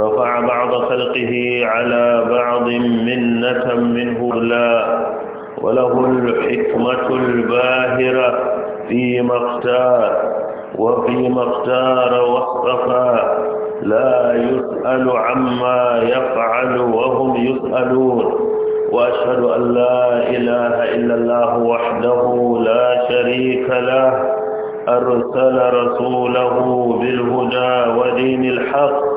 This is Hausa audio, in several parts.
رفع بعض خلقه على بعض منة منه لا وله الحكمة الباهرة فيما اختار وفيما اختار واصطفى لا يسأل عما يفعل وهم يسألون وأشهد أن لا إله إلا الله وحده لا شريك له أرسل رسوله بالهدى ودين الحق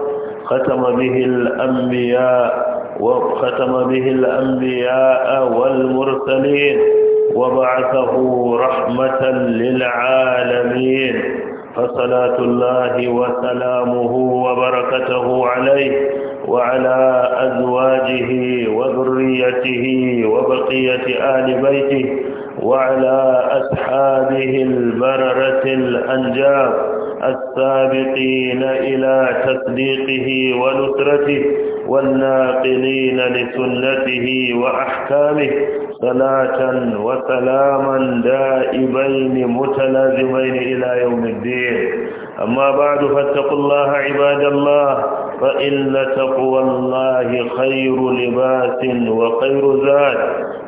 ختم به الأنبياء وختم به الأنبياء والمرسلين وبعثه رحمة للعالمين فصلاة الله وسلامه وبركته عليه وعلى أزواجه وذريته وبقية آل بيته وعلى أصحابه البررة الأنجاب السابقين إلى تصديقه ونصرته والناقلين لسنته وأحكامه صلاة وسلاما دائبين متلازمين إلى يوم الدين أما بعد فاتقوا الله عباد الله فإن تقوى الله خير لباس وخير زاد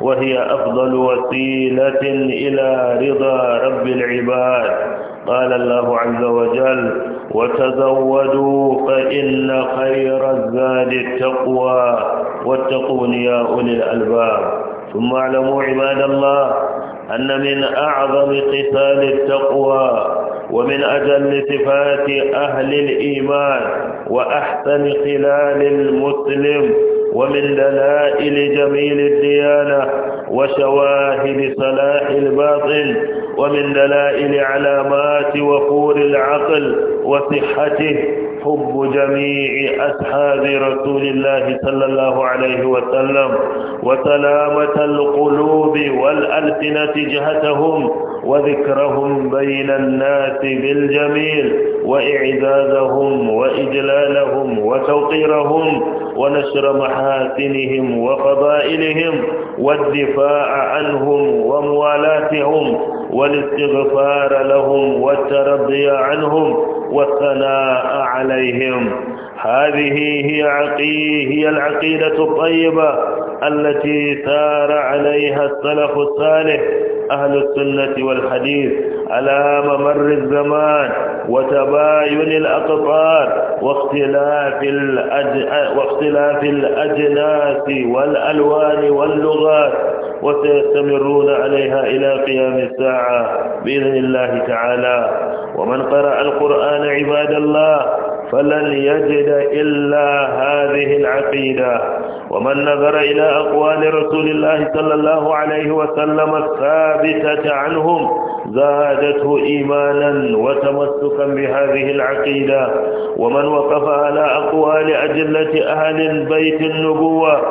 وهي أفضل وسيلة إلى رضا رب العباد قال الله عز وجل وتزودوا فإن خير الزاد التقوى واتقون يا أولي الألباب ثم اعلموا عباد الله أن من أعظم قتال التقوى ومن أجل صفات أهل الإيمان وأحسن خلال المسلم ومن دلائل جميل الديانة وشواهد صلاح الباطل ومن دلائل علامات وفور العقل وصحته حب جميع أصحاب رسول الله صلى الله عليه وسلم وسلامة القلوب والألسنة جهتهم وذكرهم بين الناس بالجميل وإعزازهم وإجلالهم وتوقيرهم ونشر محاسنهم وفضائلهم والدفاع عنهم وموالاتهم والاستغفار لهم والترضي عنهم والثناء عليهم هذه هي هي العقيدة الطيبة التي سار عليها السلف الصالح أهل السنة والحديث على ممر الزمان وتباين الأقطار واختلاف, الأج... واختلاف الأجناس والألوان واللغات وسيستمرون عليها إلى قيام الساعة بإذن الله تعالى ومن قرأ القرآن عباد الله فلن يجد إلا هذه العقيدة ومن نظر إلى أقوال رسول الله صلى الله عليه وسلم الثابتة عنهم زادته إيمانا وتمسكا بهذه العقيدة ومن وقف على أقوال أجلة أهل بيت النبوة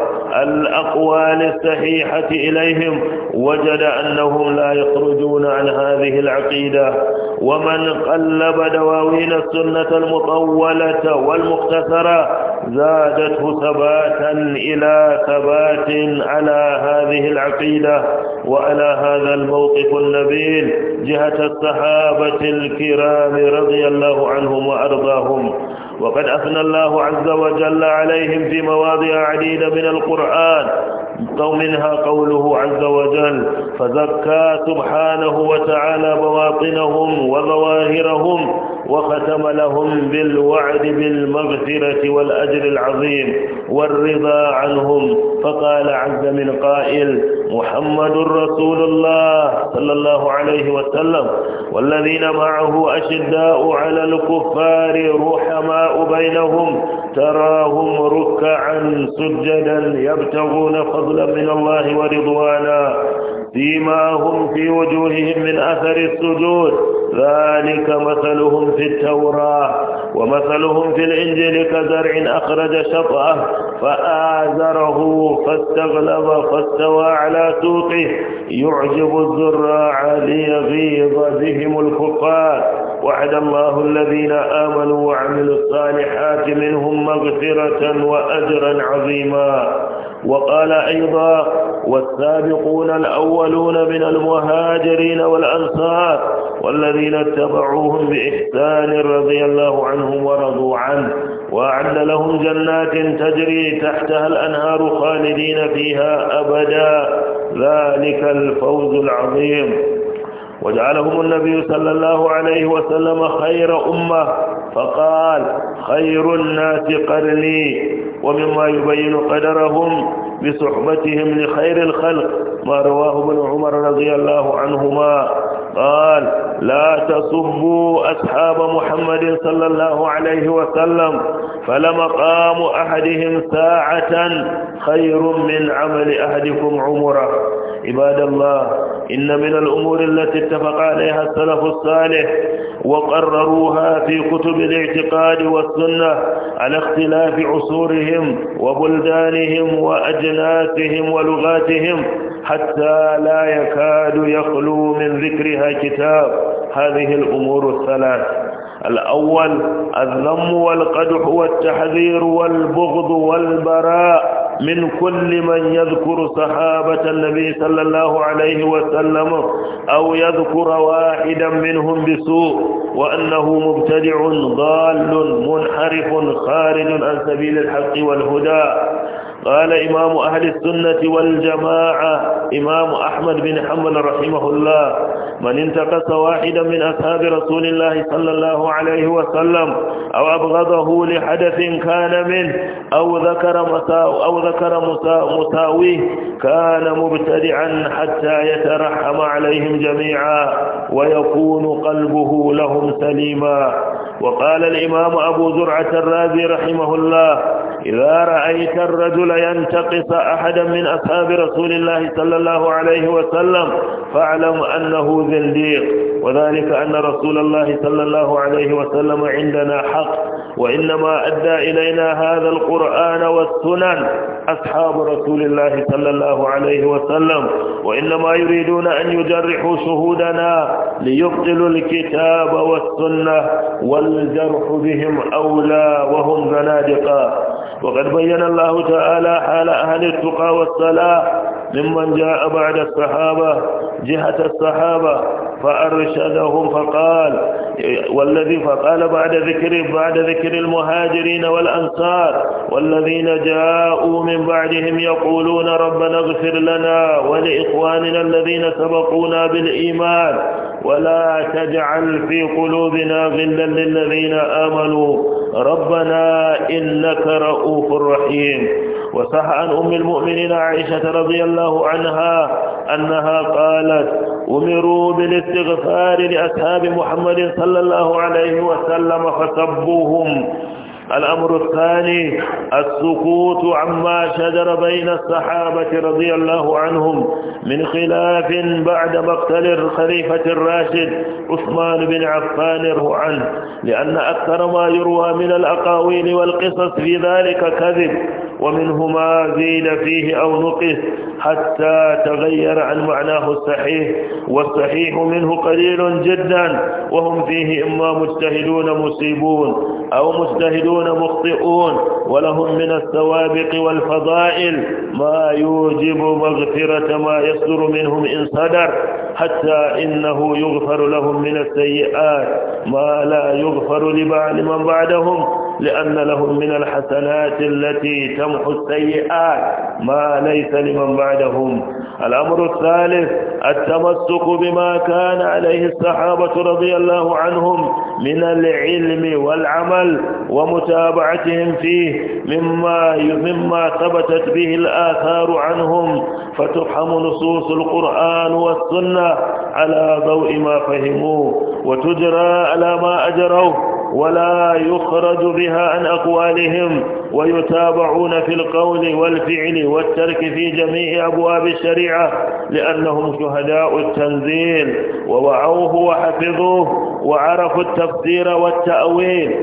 الأقوال الصحيحة إلى إليهم وجد أنهم لا يخرجون عن هذه العقيدة ومن قلب دواوين السنة المطولة والمختصرة زادته ثباتا إلى ثبات على هذه العقيدة وعلى هذا الموقف النبيل جهة الصحابة الكرام رضي الله عنهم وأرضاهم وقد أثنى الله عز وجل عليهم في مواضع عديدة من القرآن منها قوله عز وجل فزكى سبحانه وتعالى بواطنهم وظواهرهم وختم لهم بالوعد بالمغفرة والأجر العظيم والرضا عنهم فقال عز من قائل محمد رسول الله صلى الله عليه وسلم والذين معه أشداء على الكفار رحماء بينهم تراهم ركعا سجدا يبتغون فضلا من الله ورضوانا فيما هم في وجوههم من أثر السجود ذلك مثلهم في التوراة ومثلهم في الإنجيل كزرع أخرج شطأه فآزره فاستغلظ فاستوى على سوقه يعجب الزراع ليغيظ بهم الكفار وعد الله الذين آمنوا وعملوا الصالحات منهم مغفرة وأجرا عظيما وقال أيضا والسابقون الأولون من المهاجرين والأنصار والذين اتبعوهم بإحسان حسان رضي الله عنهم ورضوا عنه وأعد لهم جنات تجري تحتها الأنهار خالدين فيها أبدا ذلك الفوز العظيم وجعلهم النبي صلى الله عليه وسلم خير أمة فقال خير الناس قرني ومما يبين قدرهم بصحبتهم لخير الخلق ما رواه ابن عمر رضي الله عنهما قال لا تصبوا أصحاب محمد صلى الله عليه وسلم فلمقام أحدهم ساعة خير من عمل أحدكم عمره عباد الله إن من الأمور التي اتفق عليها السلف الصالح وقرروها في كتب الاعتقاد والسنة على اختلاف عصورهم وبلدانهم وأجناسهم ولغاتهم حتى لا يكاد يخلو من ذكرها كتاب هذه الأمور الثلاث الأول الذم والقدح والتحذير والبغض والبراء من كل من يذكر صحابة النبي صلى الله عليه وسلم أو يذكر واحدا منهم بسوء وأنه مبتدع ضال منحرف خارج عن سبيل الحق والهدى قال إمام أهل السنة والجماعة إمام أحمد بن حنبل رحمه الله من انتقص واحدا من أصحاب رسول الله صلى الله عليه وسلم أو أبغضه لحدث كان منه أو ذكر مساو أو ذكر مساويه كان مبتدعا حتى يترحم عليهم جميعا ويكون قلبه لهم سليما وقال الإمام أبو زرعة الرازي رحمه الله إذا رأيت الرجل ينتقص أحدا من أصحاب رسول الله صلى الله عليه وسلم فاعلم أنه زنديق وذلك أن رسول الله صلى الله عليه وسلم عندنا حق وإنما أدى إلينا هذا القرآن والسنن أصحاب رسول الله صلى الله عليه وسلم وإنما يريدون أن يجرحوا شهودنا ليبطلوا الكتاب والسنة والجرح بهم أولى وهم زنادقا وقد بين الله تعالى حال أهل التقى والصلاة ممن جاء بعد الصحابة جهة الصحابة فأرشدهم فقال والذي فقال بعد ذكر بعد ذكر المهاجرين والأنصار والذين جاءوا من بعدهم يقولون ربنا اغفر لنا ولإخواننا الذين سبقونا بالإيمان ولا تجعل في قلوبنا غلا للذين آمنوا ربنا إنك رؤوف رؤوف رحيم وصح عن أم المؤمنين عائشة رضي الله عنها أنها قالت أمروا بالاستغفار لأصحاب محمد صلى الله عليه وسلم فسبوهم الأمر الثاني السكوت عما شجر بين الصحابة رضي الله عنهم من خلاف بعد مقتل الخليفة الراشد عثمان بن عفان عنه لأن أكثر ما يروى من الأقاويل والقصص في ذلك كذب ومنهما زيد فيه أو نقص حتى تغير عن معناه الصحيح والصحيح منه قليل جدا وهم فيه إما مجتهدون مصيبون أو مجتهدون مخطئون ولهم من السوابق والفضائل ما يوجب مغفرة ما يصدر منهم إن صدر حتى إنه يغفر لهم من السيئات ما لا يغفر لبعض من بعدهم لأن لهم من الحسنات التي تم يمحو السيئات ما ليس لمن بعدهم الأمر الثالث التمسك بما كان عليه الصحابة رضي الله عنهم من العلم والعمل ومتابعتهم فيه مما مما ثبتت به الآثار عنهم فتفهم نصوص القرآن والسنة على ضوء ما فهموه وتجرى على ما أجروه ولا يخرج بها عن أقوالهم ويتابعون في القول والفعل والترك في جميع أبواب الشريعة لأنهم شهداء التنزيل ووعوه وحفظوه وعرفوا التفسير والتأويل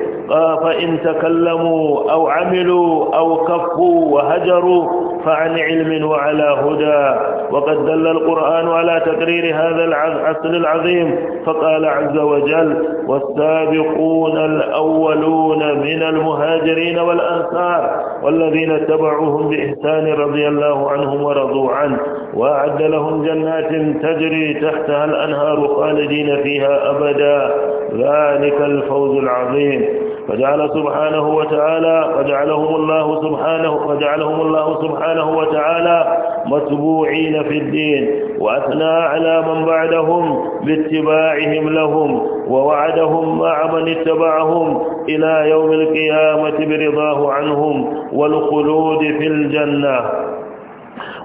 فإن تكلموا أو عملوا أو كفوا وهجروا فعن علم وعلى هدى وقد دل القرآن على تقرير هذا العسل العظيم فقال عز وجل والسابقون الأولون من المهاجرين والأنصار والذين اتبعوهم بإحسان رضي الله عنهم ورضوا عنه وأعد لهم جنات تجري تحتها الأنهار خالدين فيها أبدا ذلك الفوز العظيم فجعل سبحانه وتعالى وجعلهم الله سبحانه وجعلهم الله سبحانه وتعالى متبوعين في الدين وأثنى على من بعدهم باتباعهم لهم ووعدهم مع من اتبعهم إلى يوم القيامة برضاه عنهم والخلود في الجنة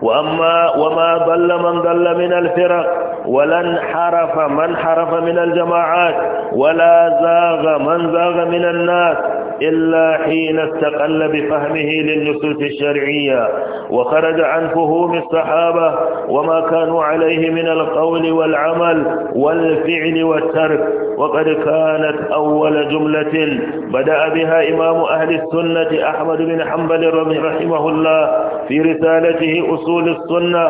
وأما وما ضل من ضل من الفرق ولا انحرف من حرف من الجماعات ولا زاغ من زاغ من الناس إلا حين استقل بفهمه للنصوص الشرعية وخرج عن فهوم الصحابة وما كانوا عليه من القول والعمل والفعل والترك وقد كانت أول جملة بدأ بها إمام أهل السنة أحمد بن حنبل رحمه الله في رسالته أصول السنة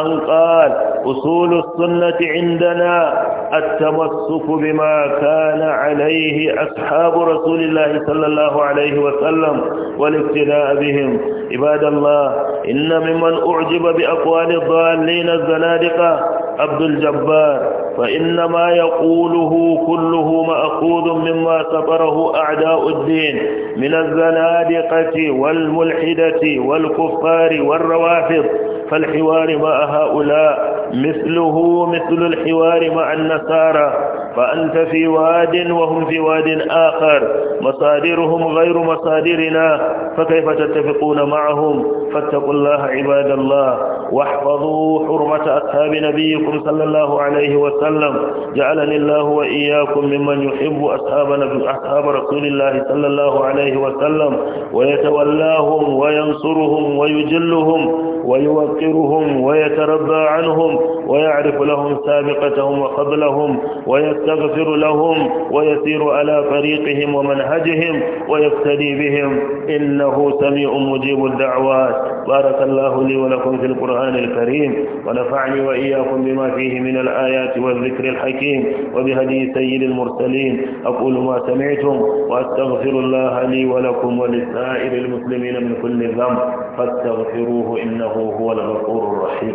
أن قال أصول السنة عندنا التمسك بما كان عليه أصحاب رسول الله صلى الله عليه وسلم والاقتداء بهم عباد الله إن ممن أعجب بأقوال الضالين الزنادقة عبد الجبار فإن ما يقوله كل كله مأخوذ مما سطره أعداء الدين من الزنادقة والملحدة والكفار والروافض فالحوار مع هؤلاء مثله مثل الحوار مع النصارى فأنت في واد وهم في واد آخر مصادرهم غير مصادرنا فكيف تتفقون معهم فاتقوا الله عباد الله واحفظوا حرمة أصحاب نبيكم صلى الله عليه وسلم جعلني الله وإياه وإياكم ممن يحب أصحاب أصحاب رسول الله صلى الله عليه وسلم ويتولاهم وينصرهم ويجلهم ويوقرهم ويتربى عنهم ويعرف لهم سابقتهم وقبلهم ويستغفر لهم ويسير على فريقهم ومنهجهم ويقتدي بهم إنه سميع مجيب الدعوات بارك الله لي ولكم في القرآن الكريم ونفعني وإياكم بما فيه من الآيات والذكر الحكيم وبهدي سيد المرسلين أقول ما سمعتم وأستغفر الله لي ولكم ولسائر المسلمين من كل ذنب فاستغفروه إنه هو الغفور الرحيم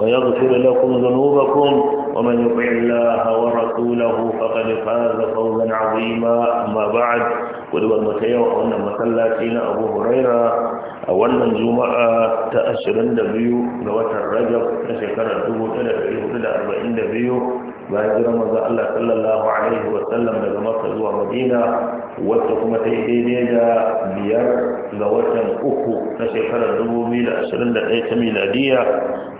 ويغفر لكم ذنوبكم ومن يطع الله ورسوله فقد فاز فوزا عظيما أما بعد ودوا المتيو أن مسلاتين أبو هريرة أولا جمعة تأشرن دبيو نوات الرجب نشكر الدبو تلك الهدى أربعين دبيو bayan jiran manzo Allah sallallahu alaihi wa daga Makka zuwa Madina wacce kuma ta yi daidai da biyar ga watan uku na shekarar 2021 ta miladiya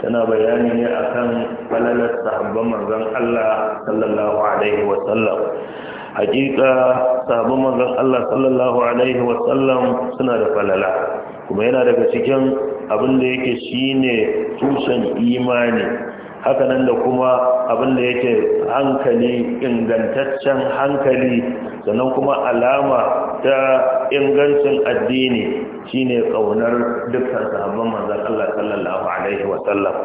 tana bayani ne akan falalar sahabban manzon Allah sallallahu alaihi wa hakika sahabban manzon Allah sallallahu alaihi wa suna da falala kuma yana daga cikin abin da yake shine tushen imani hakanan da kuma abin da yake hankali ingantaccen hankali sannan kuma alama ta ingancin addini shine kaunar dukkan sahabban manzon Allah sallallahu alaihi wa sallam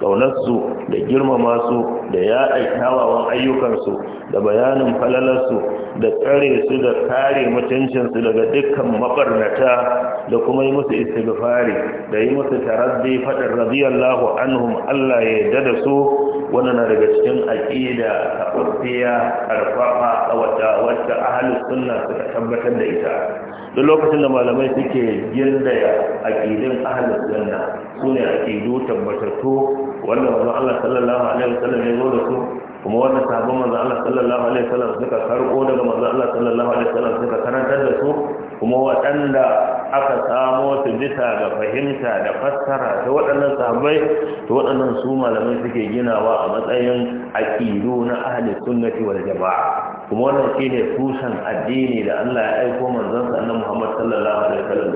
kaunar su da girmama su da ya aikawawan ayyukan su da bayanin falalar su da tsare su da kare mutuncin su daga dukkan mabarnata da kuma yi musu istighfari da yi musu taraddi fadar radiyallahu anhum Allah ya yarda da su wannan na daga cikin aqida tabbiya arfafa wata wata ahlus sunna suka tabbatar da ita duk lokacin da malamai suke gindaya aqidin ahlus sunna sune aqidu tabbatattu wanda wanzu Allah sallallahu alaihi wasallam ya zo da su kuma wannan sabon wanzu Allah sallallahu alaihi wasallam suka karbo daga wanzu Allah sallallahu alaihi wasallam suka karantar da su kuma waɗanda aka samo su bisa ga fahimta da fassara ta waɗannan sahabbai ta waɗannan su malamai suke ginawa a matsayin aqidu na ahalin sunnati wal jama'a kuma wannan shine tushen addini da Allah ya aiko manzon sa annabi Muhammad sallallahu alaihi wasallam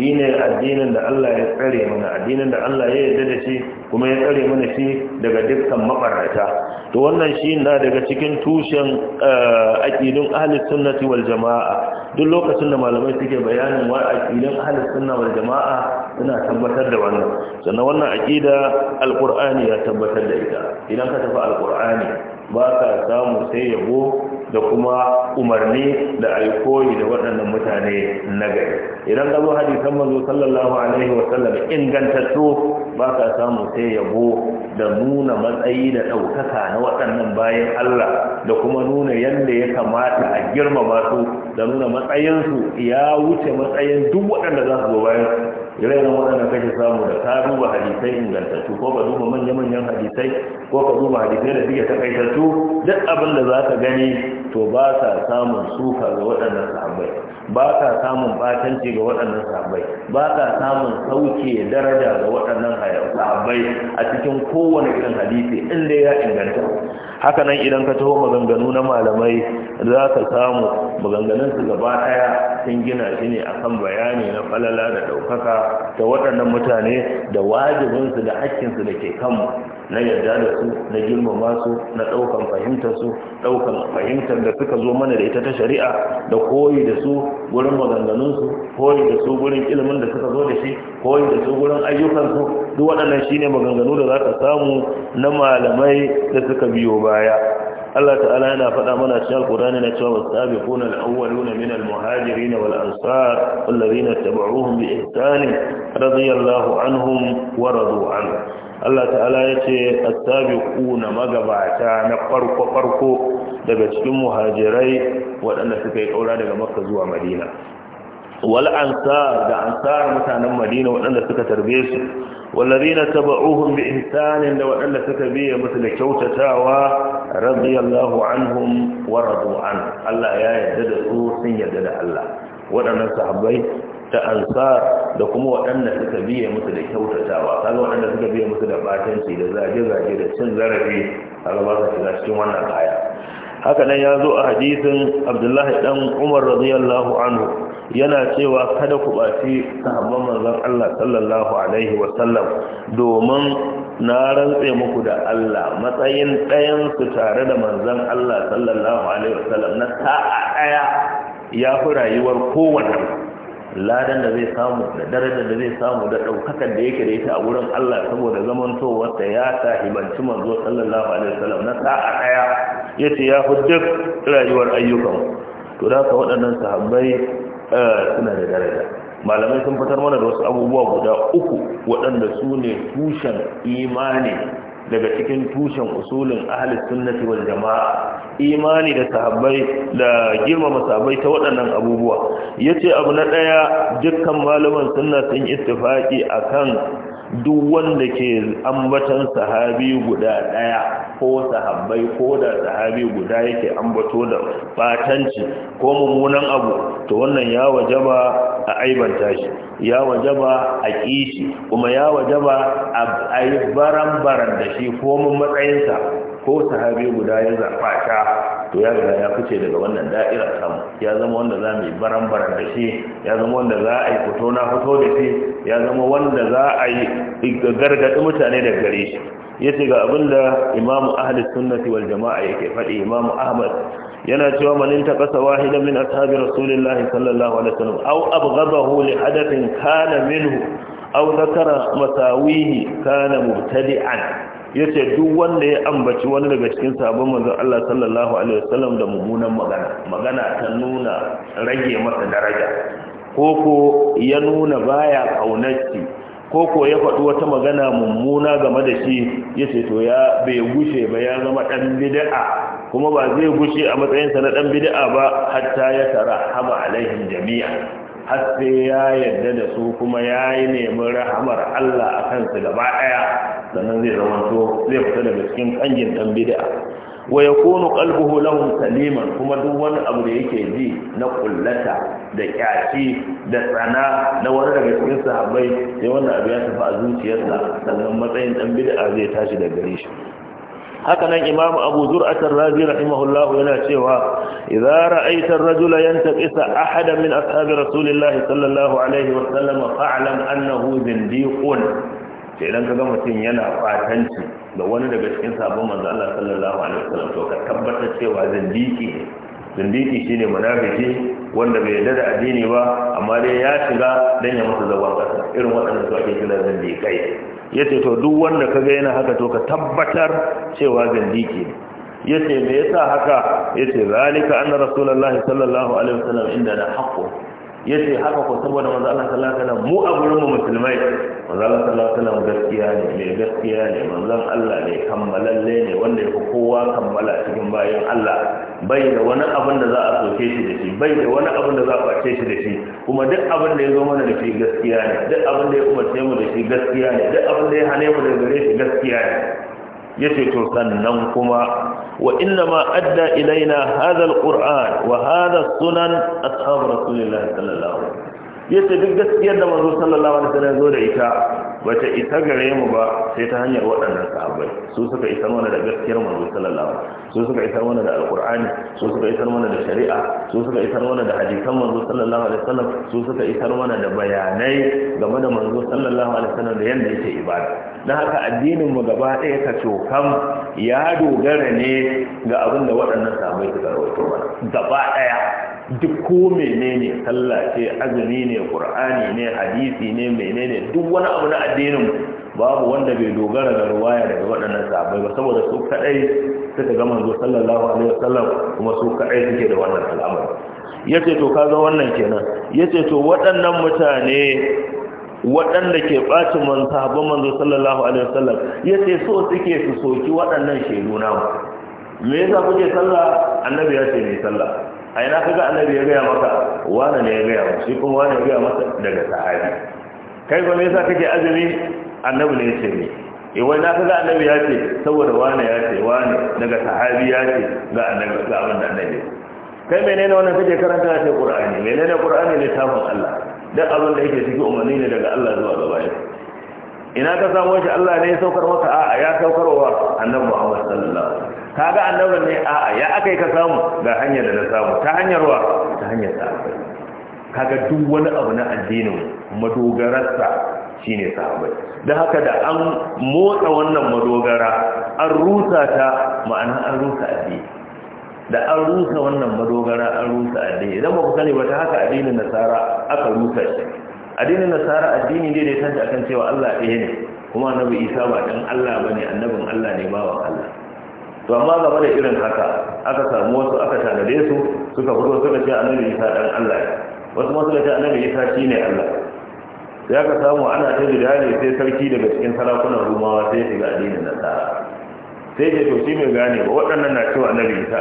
ne addinin da Allah ya tsare mana addinin da Allah ya yarda da shi kuma ya tsare mana shi daga dukkan mabarrata to wannan shi na daga cikin tushen eh, aqidun ahli sunnati wal jamaa duk lokacin da malamai suke bayanin wa aqidun ahli sunna wal jamaa suna tabbatar da wannan sannan wannan aqida alqur'ani ya tabbatar da ita idan ka tafi alqur'ani ba ka samu sai yabo da kuma umarni da a da waɗannan mutane na gari idan ka zo hadisan manzo sallallahu alaihi wa sallam ingantattu ba ka samu sai yabo da nuna matsayi da ɗaukaka na waɗannan bayan Allah da kuma nuna yadda ya kamata a girmama su da nuna matsayinsu ya wuce matsayin duk waɗanda za su zo bayan ire-iren waɗanda kake samu da ka duba hadisai ingantattu ko ka duba manya-manyan hadisai ko ka duba hadisai da suke takaitattu duk abin da za ka gani to ba sa samun sufa ga waɗannan sahabbai ba sa samun batanci ga waɗannan sahabbai ba sa samun sauke daraja ga waɗannan sahabbai a cikin kowane irin hadisi inda ya inganta haka nan idan ka taho maganganu na malamai za ka samu maganganunsu gaba ɗaya sun gina shi ne kan bayani na falala da ɗaukaka da waɗannan mutane da wajibinsu da hakkinsu da ke kanmu na yarda da su na girmama su na ɗaukan fahimtar su ɗaukan fahimtar da suka zo mana da ita ta shari'a da koyi da su gurin maganganun su koyi da su gurin ilimin da suka zo da shi koyi da su gurin ayyukan su duk waɗannan shine maganganu da za ka samu na malamai da suka biyo baya Allah ta'ala yana faɗa mana cikin Al-Qur'ani na cewa wasabiquna al-awwaluna min al-muhajirin wal ansar alladhina tabauhum bi ihsan radiyallahu anhum wa radu anhu Allah ta'ala ya ce na magabata na farko-farko daga cikin muhajirai waɗanda suka yi ƙaura daga makka zuwa madina wal'ansar da ansar mutanen madina waɗanda suka tarbe su wallari na taba uhun bi insanin da waɗanda suka biya mutu da kyautatawa radiyallahu anhum wa radu'an Allah ya yarda da su sun yarda da Allah waɗannan sahabbai ta ansa da kuma waɗanda suka biye musu da kyautatawa kaga waɗanda suka biye musu da batanci da zage-zage da cin zarafi kaga ba su shiga cikin wannan aya haka nan ya zo a hadisin abdullahi dan umar radiyallahu anhu yana cewa kada ku ɓaci sahabban manzon Allah sallallahu alaihi wasallam domin na rantse muku da Allah matsayin ɗayan su tare da manzon Allah sallallahu alaihi wasallam na sa'a ɗaya ya fi rayuwar kowanne ladan da zai samu da darajar da zai samu da ɗaukakar da yake da ita a wurin Allah saboda zamantowarta ya sahibanci manzo sallallahu alaihi wasallam na sa'a daya yace ya fi duk rayuwar ayyukan to da ka waɗannan sahabbai eh, suna da daraja malamai sun fitar mana da wasu abubuwa guda uku waɗanda su ne tushen imani daga cikin tushen usulin ahlus sunnati wal jama'a imani da sahabbai da girmama sahabbai ta waɗannan abubuwa yace abu na daya dukkan malaman sunna sun ittifaqi akan duk wanda ke ambatan sahabi guda daya ko sahabbai ko da sahabi guda yake ambato da batanci ko mummunan abu to wannan ya wajaba a aibanta shi ya wajaba a kishi kuma ya wajaba a yi baran-baran da shi ko mun matsayinsa ko sahabi guda ya zaɓa ta to ya riga ya fice daga wannan da'ira samu ya zama wanda za mu yi baran-baran da shi ya zama wanda za a yi fito na fito da shi ya zama wanda za a yi gargaɗi mutane da gare shi ya ce ga abin da Imam ahli sunnati wal jama'a yake faɗi Imam ahmad yana cewa manin ta kasa wahida min ashabi rasulillahi sallallahu alaihi wasallam aw abghadahu li hadathin kana minhu aw dhakara masawihi kana mubtadi'an Ya ce duk wanda ya ambaci wani daga cikin sabon manzon Allah sallallahu alaihi wasallam da mummunan magana magana ta nuna rage masa daraja koko ya nuna baya kaunarci ko ya faɗi wata magana mummuna game da shi ya ce to ya bai gushe ba ya zama ɗan bid'a kuma ba zai gushe a matsayinsa na ɗan bida'a ba hatta ya tara haba alaihim jami'a har sai ya yarda da su kuma ya yi neman rahamar Allah a kansu gaba ɗaya sannan zai zamanto zai fita daga cikin kangin dan bid'a wa yakunu qalbuhu lahum saliman kuma duk wani abu da yake ji na kullata da kyaci da tsana na wani daga cikin sahabbai sai wannan abu ya tafi a zuciyarsa sannan matsayin dan bid'a zai tashi daga gare shi haka nan imam abu zur'at ar-razi rahimahullahu yana cewa idza ra'aita ar-rajula yantaqisa ahada min ashabi rasulillah sallallahu alaihi wa sallam fa'lam annahu zindiqun da idan ka ga mutum yana fatanci ga wani daga cikin sabon manzo Allah sallallahu alaihi wasallam to ka tabbatar cewa zindiki ne zindiki shine munafiki wanda bai yarda da addini ba amma dai ya shiga dan ya masa zagon kasa irin waɗannan su ake kira zindikai yace to duk wanda ka ga yana haka to ka tabbatar cewa zindiki ne yace me yasa haka yace zalika anna rasulullahi sallallahu alaihi wasallam inda da haqqo yace haka ko saboda manzo Allah sallallahu alaihi wasallam mu a gurin musulmai manzon Allah sallallahu gaskiya ne mai gaskiya ne manzon Allah ne kammalalle ne wanda ya fi kowa kammala cikin bayan Allah bai da wani abin da za a soke shi da shi bai da wani abin da za a face shi da shi kuma duk abin da ya zo mana da shi gaskiya ne duk abin da ya umarce mu da shi gaskiya ne duk abin da ya hane mu da gare shi gaskiya ne yace to sannan kuma wa inna ma adda ilaina hadha alquran wa hadha sunan ashab rasulillahi sallallahu alaihi wasallam yace duk gaskiyar da manzo sallallahu alaihi wasallam zo da ita bata ita gare mu ba sai ta hanyar waɗannan sahabbai su suka isar mana da gaskiyar manzo sallallahu alaihi wasallam su suka isar mana da alqur'ani su suka isar mana da shari'a su suka isar mana da hadisan manzo sallallahu alaihi wasallam su suka isar mana da bayanai game da manzo sallallahu alaihi wasallam da yanda yake ibada dan haka addinin mu gaba ɗaya ka cokam ya dogara ne ga abin da waɗannan sahabbai suka duk ko menene sallah ce azumi ne qur'ani ne hadisi ne menene duk wani abu na addinin babu wanda bai dogara da ruwaya daga waɗannan sahabbai ba saboda su kadai suka ga manzo sallallahu alaihi wasallam kuma su kadai suke da wannan al'amari yace to kaga wannan kenan yace to waɗannan mutane waɗanda ke ɓaci man sahabban manzo sallallahu alaihi wasallam yace so suke su soki waɗannan shedu mu me yasa kuke sallah annabi ya ce ne sallah a yana kaga annabi ya gaya maka wani ne ya gaya maka shi kuma wani ya gaya maka daga sahabi kai ba me yasa kake azumi annabi ne ya ce ni eh wai na kaga annabi ya ce saboda wani ya ce wani daga sahabi ya ce ga annabi ga abin da annabi kai menene wannan kake karanta ce qur'ani menene qur'ani ne tafin Allah duk abin da yake cikin umarni ne daga Allah zuwa gaba ina ka samu shi Allah ne ya saukar maka a ya saukarwa annabi Muhammad sallallahu alaihi wasallam Kaga ga annabin ne a'a ya aka yi ka samu ga hanyar da na samu ta hanyar wa ta hanyar sahabai kaga duk wani abu na addinin madogararsa shine sahabai da haka da an motsa wannan madogara an rusa ta ma'ana an rusa addini da an rusa wannan madogara an rusa addini idan ba ku sani ba ta haka addinin nasara aka rusa shi addinin nasara addini ne da ya tanta akan cewa Allah ɗaya ne kuma annabi Isa ba dan Allah bane annabin Allah ne wa Allah to amma ga da irin haka aka samu wasu aka tanade su suka fito suka ce annabi isa dan Allah ne wasu ma suka ce annabi isa shine Allah sai aka samu ana ta jidali sai sarki daga cikin sarakunan rumawa sai ya shiga addinin nasara sai ce to shi bai gane ba waɗannan na cewa annabi isa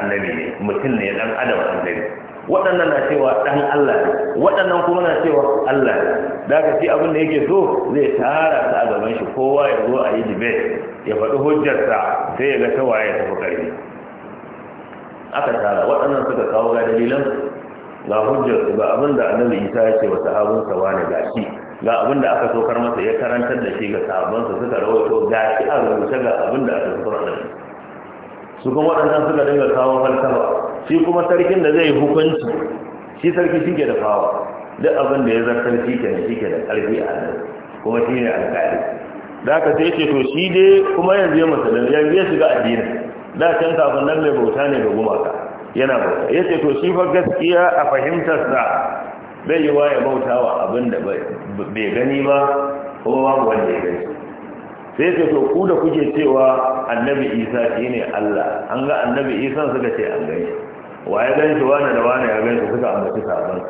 annabi ne mutum ne dan adam annabi waɗannan na cewa dan Allah ne waɗannan kuma na cewa Allah ne da ka ci abin da yake so zai tara ta a gaban shi kowa ya zo a yi dibe ya faɗi hujjarsa sai ya ga ta waye tafi ƙarfi aka tara waɗannan suka kawo ga dalilan ga hujjar ga abin da annabi isa ya ce wa sahabinsa wani gashi ga abin da aka sokar masa ya karantar da shi ga sa suka rawaito gashi a rubuce ga abin da aka sokar annabi su kuma waɗannan suka dinga kawo falsafa shi kuma sarkin da zai hukunci shi sarki shike da fawa duk abin da ya zartar shi ke shi ke da ƙarfi a nan kuma shi ne alƙali da aka sai ce to shi dai kuma yanzu ya musulun yanzu ya shiga addinin da can kafin nan mai bauta ne ga gumaka yana bauta ya ce to shi fa gaskiya a fahimtarsa bai yi waye bautawa bauta wa abin da bai gani ba ko babu wanda ya gani sai ce to ku da kuke cewa annabi isa shi ne allah an ga annabi isa suka ce an gani wa ya gani shi wani da wani ya gani suka ambaci sabon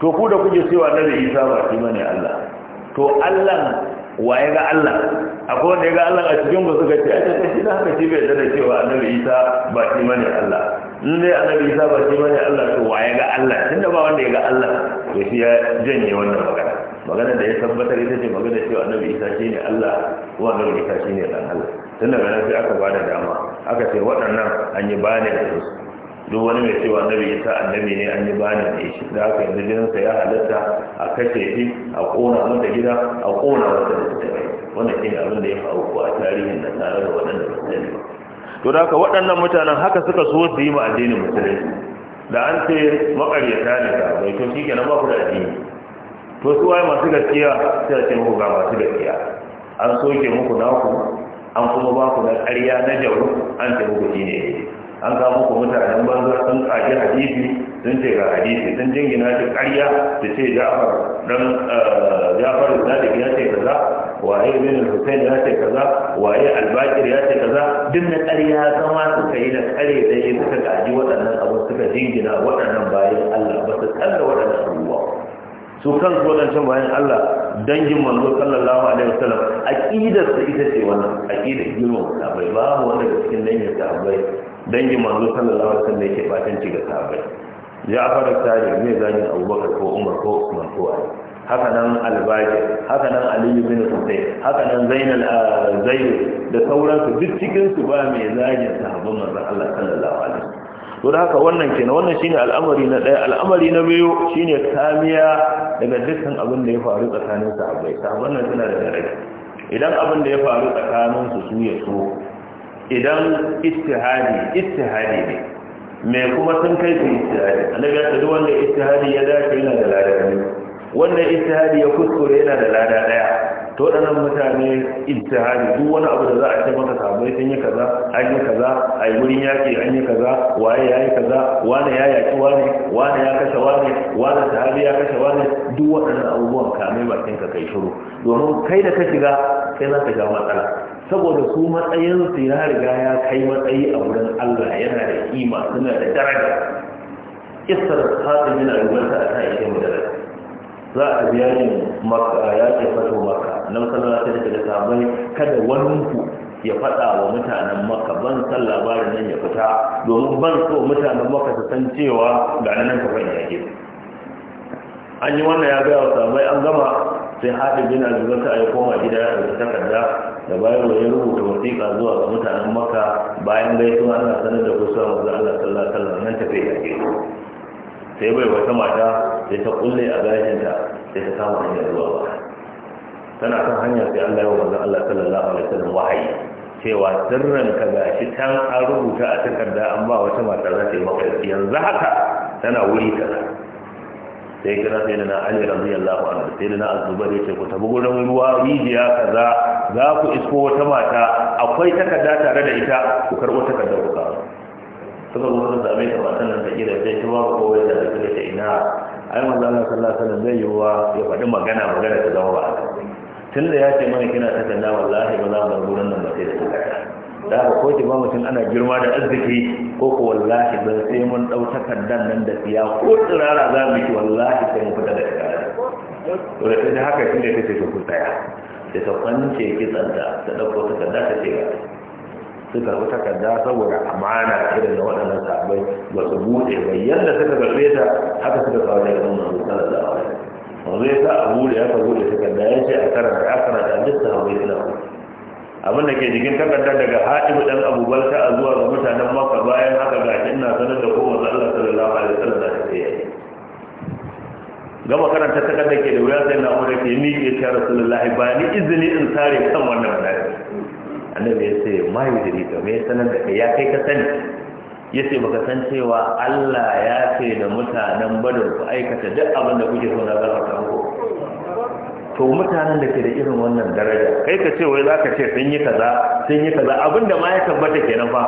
to ku da kuke cewa annabi isa ba shi ne allah to allah wa ya ga allah akwai wanda ya ga allah a cikin ku suka ce a cikin shi haka shi bai da cewa annabi isa ba shi ne allah in dai annabi isa ba shi bane Allah to wa ya ga Allah tunda ba wanda ya ga Allah to shi ya janye wannan magana magana da ya tabbatar ita ce magana cewa annabi isa shine Allah wa annabi isa shine dan Allah tun da nan sai aka bada dama aka ce waɗannan an yi bani da su duk wani mai cewa annabi isa annabi ne an yi bani da shi da aka yanzu jininsa ya halatta a kashe shi a kona wanda gida a kona wanda da ta wanda shine abin da ya faru a tarihin da tare da waɗanda ba su ba to da waɗannan mutanen haka suka so su yi ma addinin musulunci da an ce makaryata ne ga bai to shi kenan ba ku da addini to su waye masu gaskiya sai a ce muku ga masu gaskiya an soke muku naku an kuma ba ku na ƙarya na jaru an ce muku shi ne an ga muku mutanen banza sun kaji hadisi sun ce ga hadisi sun jingina shi ƙarya da ce jafar dan eh, jafar da da ya ce kaza waye ibn al-husayn ya ce kaza waye al-baqir ya ce kaza duk na ƙarya zama su kai da ƙare da suka kaji waɗannan abu suka jingina waɗannan bayan Allah ba su kalla waɗannan abubuwa su kan wadancan bayan Allah dangin manzo sallallahu alaihi wasallam aqidar sa ita ce wannan aqidar girman sahabbai mu wanda cikin dangin sahabbai dangin manzo sallallahu alaihi wasallam yake fatan ci ga sahabbai Ja'far al-Sadiq ne zagin Abubakar ko Umar ko Usman ko Ali haka nan Al-Baqir haka nan Ali ibn Husayn haka nan Zainal ah, Zayd da sauransu duk cikin su ba mai zagin sahabban manzo Allah sallallahu alaihi wasallam to da haka wannan kenan wannan shine al'amari na daya al'amari na biyu shine kamiya daga dukkan abin da ya faru tsakanin sahabbai sahabban nan suna da daraja idan abin da ya faru tsakanin su su ya so idan ittihadi ittihadi ne me kuma sun kai su ittihadi annabi ya ce wanda ittihadi ya dace yana da lada biyu wannan ittihadi ya kuskure yana da lada daya to waɗannan mutane ijtihadi duk wani abu da za a ce maka sabo sun yi kaza an yi kaza a yi wurin yaƙi an yi kaza waye ya yi kaza wane ya yaƙi wane wane ya kashe wane wane sahabi ya kashe wane duk waɗannan abubuwan kamai bakin ka kai shiru domin kai da ka shiga kai za ka ga matsala saboda su su ya riga ya kai matsayi a wurin Allah yana da kima suna da daraja kisar fatimin na rubuta a kan ishe mu da za a biya ne ke fato maka annabi sallallahu alaihi wasallam da sahabbai kada wani ku ya fada wa mutanen maka ban san labarin nan ya fita domin ban so mutanen maka su san cewa ga nan ka fanya ke an yi wannan ya gaya wa sabai an gama sai haɗin bin albubakar ya koma gida ya ɗauki takarda da bayan ya rubuta wasiƙa zuwa ga mutanen maka bayan gaisuwa ana sanar da kusa wanzu allah sallallahu alaihi wasallam nan tafiya ya ke sai bai wata mata sai ta kulle a ta sai ta kama hanyar zuwa ba tana kan hanya sai Allah ya wanzu Allah sallallahu alaihi wasallam wahayi cewa sirran ka gashi tan an rubuta a takarda an ba wata mata za ta yi mafarki yanzu haka tana wuri kaza sai kira sai na Ali radiyallahu anhu sai na Azubair ya ce ku tabu gurin ruwa rijiya kaza za ku isko wata mata akwai takarda tare da ita ku karbo takarda ku kawo suka zo da mai ta matan nan ta kira sai ta ba ko wai da ta ina ai manzo Allah sallallahu alaihi wasallam zai yi wa ya faɗi magana magana ta zama ba tun da ya ce mana kina tanda wallahi ba za mu bar gurin nan ba sai da takarda da ba ko ki ba mutum ana girma da arziki ko ko wallahi ba sai mun dau takardan nan da siya ko tsirara za mu yi wallahi sai mu fita da takarda to da sai haka shi ne take ku tsaya da ta kwance tsanta ta dauko takadda ta ce su karbi takadda saboda amana irin da waɗannan sabai ba su buɗe bayyana suka karɓe ta haka suka kawo daga nan mutum sallallahu alaihi wanzu ya sa a bude aka bude takarda ya ce a karanta ya karanta duk da hawaii suna ku abin da ke jikin takardar daga haɗin ɗan abubuwar ta a zuwa ga mutanen maka bayan haka ga shi ina sanar da kowace allah sallallahu alaihi wasallam da ta ce ya gama karanta takardar ke da wuya sai na wuri ke ni ke ta rasulullahi ba ni izini in sare kan wannan mutane annabi ya ce ma yi da ni to me sanar da kai ya kai ka sani ya ce baka san cewa Allah ya ce da mutanen badar ku aikata duk abin da kuke so na gafarta ku. to mutanen da ke da irin wannan daraja kai ka ce wai za ka ce sun yi kaza sun yi kaza abin ma ya tabbata kenan fa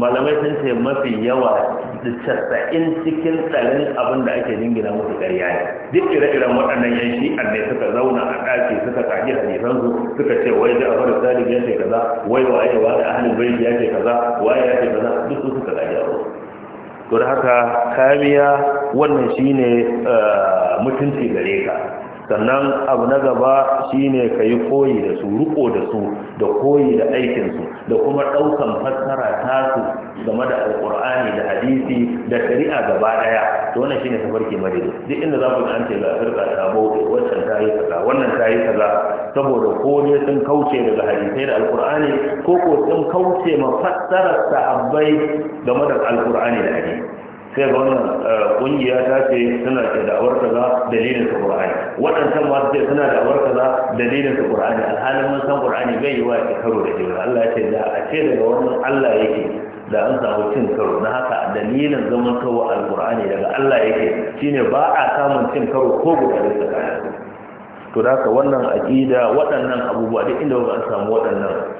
malamai sun ce mafi yawa da casa'in cikin tsarin abin da ake jingina musu ƙarya ne duk ire-iren waɗannan yan shi'an ne suka zauna a ɗaki suka kaji su suka ce wai da abu da tsarin ya ce kaza wai waye wa da ahlul bai ya ce kaza wa ya ce kaza duk suka kaji abu to da haka kamiya wannan shine eh, mutunci gare ka sannan abu na gaba shine ka yi koyi da su riko da su da koyi da aikinsu da kuma ɗaukan fassara ta su game da alƙur'ani da hadisi da shari'a gaba ɗaya to wannan shine tafarki madadi duk inda za ku an ce ga firka bauta, wannan ta yi kaza wannan ta yi kaza saboda ko ne sun kauce daga hadisai da alkur'ani ko ko sun kauce ma fassarar sahabbai game da alƙur'ani da hadisi sai ga wannan eh, kungiya ta ce suna ce da'awar kaza dalilin su qur'ani waɗancan ma ce suna da'awar kaza dalilin su qur'ani alhalin mun san qur'ani bai yi wa ke karo da jira Allah ya ce da a ce daga wannan Allah yake da an samu cin karo na haka dalilin zaman kawo alqur'ani daga Allah yake shine ba a samun cin karo ko guda da tsakanin to da haka wannan aqida waɗannan abubuwa duk inda ba an samu waɗannan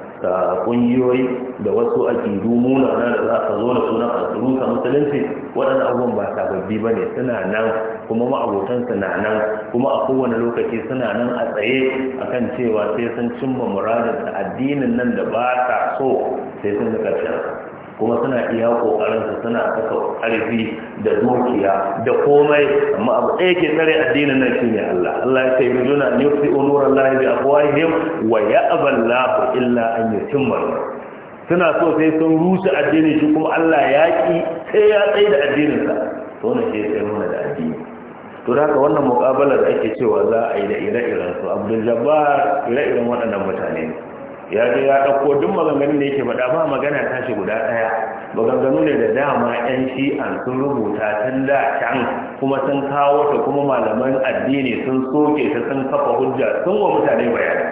kungiyoyi da wasu aƙidu munana da za ka zo da sunan al'umma musulunci waɗanda abubuwan ba sababbi ba ne suna nan kuma ma'abotan suna nan kuma a kowane lokaci suna nan a tsaye akan cewa sai sun cimma muradin addinin nan da ba ta so sai sun da ƙarshen kuma suna iya ƙoƙarinsu suna saka ƙarfi da dukiya da komai amma abu ɗaya ke tsare addinin nan shine Allah Allah ya ce yi juna yufi unuran Allah bi afwahihim wa ya'aba Allah illa an yutimma suna so sai sun rushe addinin shi kuma Allah ya ki sai ya tsaye da addininsa to ne ke sai nuna da addini to haka wannan muƙabalar da ake cewa za a yi da ire-iren su abdul jabbar ire-iren waɗannan mutane ne ya je ya ɗauko duk maganganun da yake faɗa ba magana tashi guda ɗaya maganganu ne da dama yan shi'an sun rubuta tun da can kuma sun kawo ta kuma malaman addini sun soke ta sun kafa hujja sun wa mutane bayani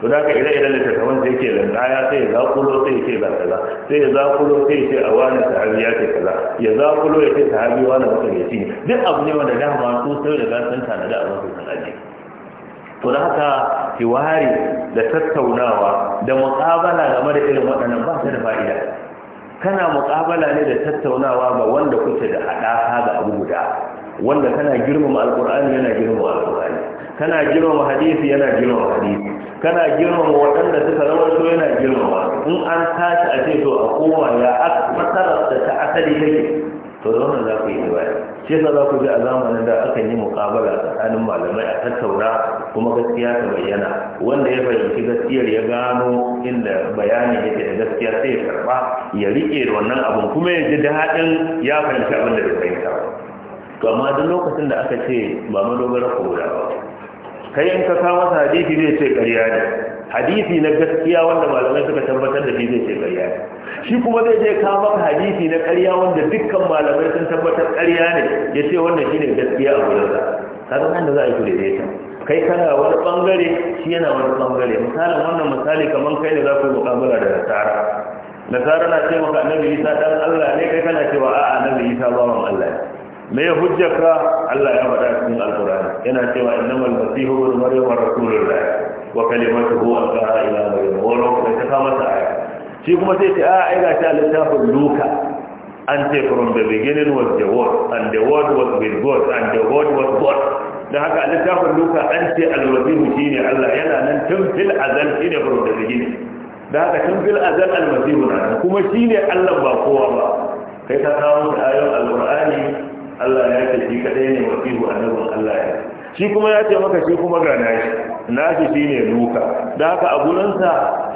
to da ka ire-iren littattafan sai ke lantaya sai ya zakulo sai ce ba kaza sai ya zakulo sai ce a wani sahabi ya ce kaza ya zakulo ya ce sahabi wani ce duk abu ne wanda dama su sai da sun tanada a mafi sun ajiye to da haka hiwari da tattaunawa da muƙabala game da irin waɗannan ba ta da fa'ida kana muƙabala ne da tattaunawa ga wanda kuke da haɗaka ga abu guda wanda kana girmama alƙur'ani yana girmama alƙur'ani kana girmama hadisi yana girmama hadisi kana girmama waɗanda suka rawar so yana girmama in an tashi a ce to a kowa ya aka da ta asali take to da za ku yi ibada shi za ku ji a zamanin da aka yi mukabala tsakanin malamai a tattauna kuma gaskiya ta bayyana wanda ya fahimci gaskiyar ya gano inda bayanin yake da gaskiya sai ya karba ya rike da wannan abun kuma ya ji daɗin ya fahimci abin da bai fahimta ba to amma duk lokacin da aka ce ba madogara ko guda ba kai in ka kawo hadisi zai ce ƙarya ne hadisi na gaskiya wanda malamai suka tabbatar da shi zai ce ƙarya ne shi kuma zai je kawo maka hadisi na ƙarya wanda dukkan malamai sun tabbatar ƙarya ne ya ce wannan shine gaskiya a sa kaga nan da za a yi ku daidaita kai kana wani bangare shi yana wani bangare misalin wannan misali kamar kai ne za ku yi muƙabala da nasara nasara na ce maka annabi isa dan Allah ne kai kana cewa a'a annabi isa bawan Allah ne me hujjaka Allah ya faɗa cikin alkurani yana cewa innamal masihu ibn maryam rasulullah wa kalimatuhu alqaha ila maryam wa law ka ta masa aya shi kuma sai ce a ai ga ta littafin luka an ce from the beginning was the word and the word was with god and the word was god da haka a littafin luka an ce alwasihu shine Allah yana nan tun fil azal shine from the beginning da haka tun fil azal almasihu na kuma shine Allah ba kowa ba kai ta kawo ayoyin alqur'ani Allah ya ce shi kadai ne wasihu annabin Allah ya shi kuma ya ce maka shi kuma ga nashi nashi shi ne luka da haka a gurinsa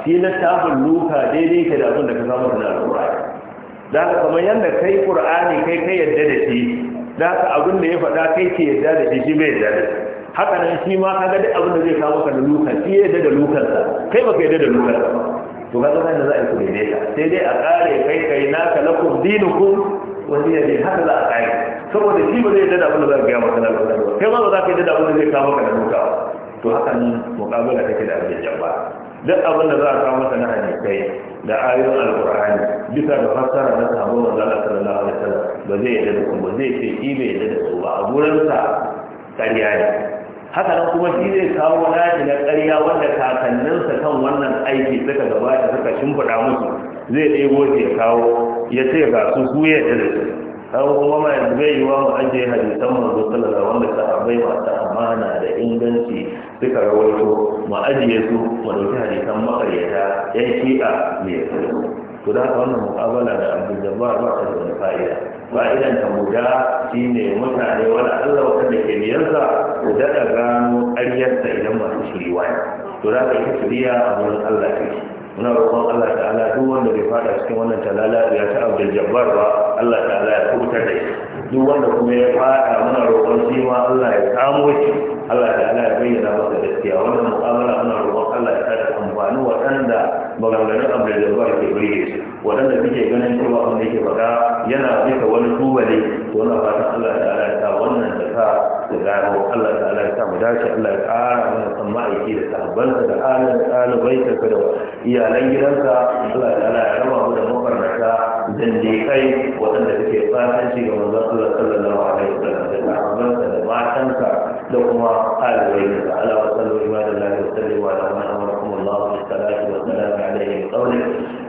shi na tafin luka daidai ke da abin da ka samu da alƙur'ani da haka kamar yadda kai qur'ani kai kai yadda da shi da haka abin da ya faɗa kai ke yadda da shi shi bai yadda da shi haka nan shi ma kaga duk abin da zai kawo ka da luka shi ya yadda da lukansa kai baka yadda da lukansa to ka zama da za a yi ku daidaita sai dai a kare kai kai naka lakum dinukum wani yadda haka za a kare saboda shi ba zai dada da abin da za a gaya maka na lura ba kai ma ba za ka yi da abin da zai kama ka na lura ba to haka ni muƙabala take da abin ba. duk abin da za a kawo masa na hadisai da ayoyin alkur'ani bisa da fassara na sabo manzo Allah sallallahu alaihi wasallam ba zai yadda da kuma zai ce shi bai yadda da su ba a sa ƙarya ne haka nan kuma shi zai kawo nashi na ƙarya wanda kakanninsa kan wannan aiki suka gabata suka shimfiɗa musu zai ɗebo shi ya kawo ya ce ga su su yadda da su kawo kuma ma yanzu bai yi wa mu ajiye hadisan manzo sallallahu wanda sahabbai masu amana da inganci suka rawaito mu ajiye su mu dauki hadisan makaryata yan shi'a ne to da wannan muƙabala da abdul jabbar ba ta da fa'ida fa'idan ta guda shine mutane wani Allah wanda ke biyarsa ku daɗa gano ƙaryarsa idan masu shiriwa to da ka yi shiriya a wurin Allah take muna roƙon Allah ta'ala duk wanda bai fada cikin wannan talala ya ta Abdul Jabbar ba Allah ta'ala ya kubutar da shi duk wanda kuma ya fada muna roƙon shi ma Allah ya kamo shi Allah ta'ala ya bayyana masa gaskiya wannan mu'amala muna roƙon Allah ya tada amfani waɗanda maganganun Abdul Jabbar ke burge waɗanda suke ganin cewa wanda yake faɗa yana bisa wani tubali to na fatan Allah ta'ala ya ta wannan da ta. da Allah ta Allah ya samu dace Allah ya ƙara mana san ma'aiki da sahabbansa da alin ɗalibai ta da iyalan gidansa Allah ta Allah ya raba mu da mafarnata kai waɗanda suke fatanci ga manzon Allah sallallahu alaihi wasallam da sahabbansa da matansa da kuma ɗalibai da Allah wa sallallahu alaihi wa sallam wa ala man amarakum Allah bi salati wa salam alaihi wa sallam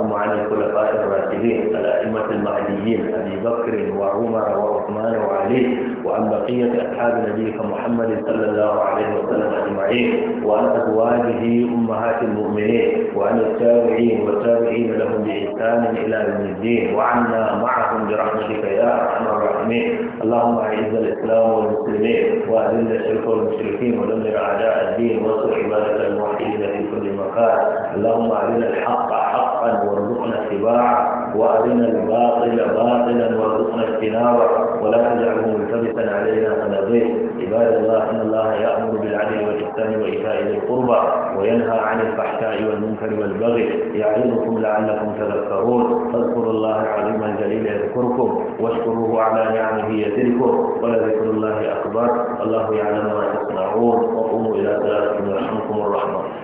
الخلفاء الراشدين الأئمة المهديين أبي بكر وعمر وعثمان وعلي وعن بقية أصحاب نبيك محمد صلى الله عليه وسلم أجمعين وعن أزواجه أمهات المؤمنين وعن التابعين والتابعين لهم بإحسان إلى يوم الدين وعنا معهم برحمتك يا أرحم الراحمين اللهم أعز الإسلام والمسلمين وأذل الشرك والمشركين ودمر أعداء الدين وانصر عبادك الموحدين في كل مكان اللهم أرنا الحق وارزقنا اتباعه وارنا الباطل باطلا وارزقنا اجتنابه ولا تجعله ملتبسا علينا فنضيع عباد الله ان الله يامر بالعدل والاحسان وايتاء ذي القربى وينهى عن الفحشاء والمنكر والبغي يعظكم لعلكم تذكرون فاذكروا الله العظيم الجليل يذكركم واشكروه على نعمه يزدكم ولذكر الله اكبر الله يعلم ما تصنعون وقوموا الى صلاتكم يرحمكم الرحمن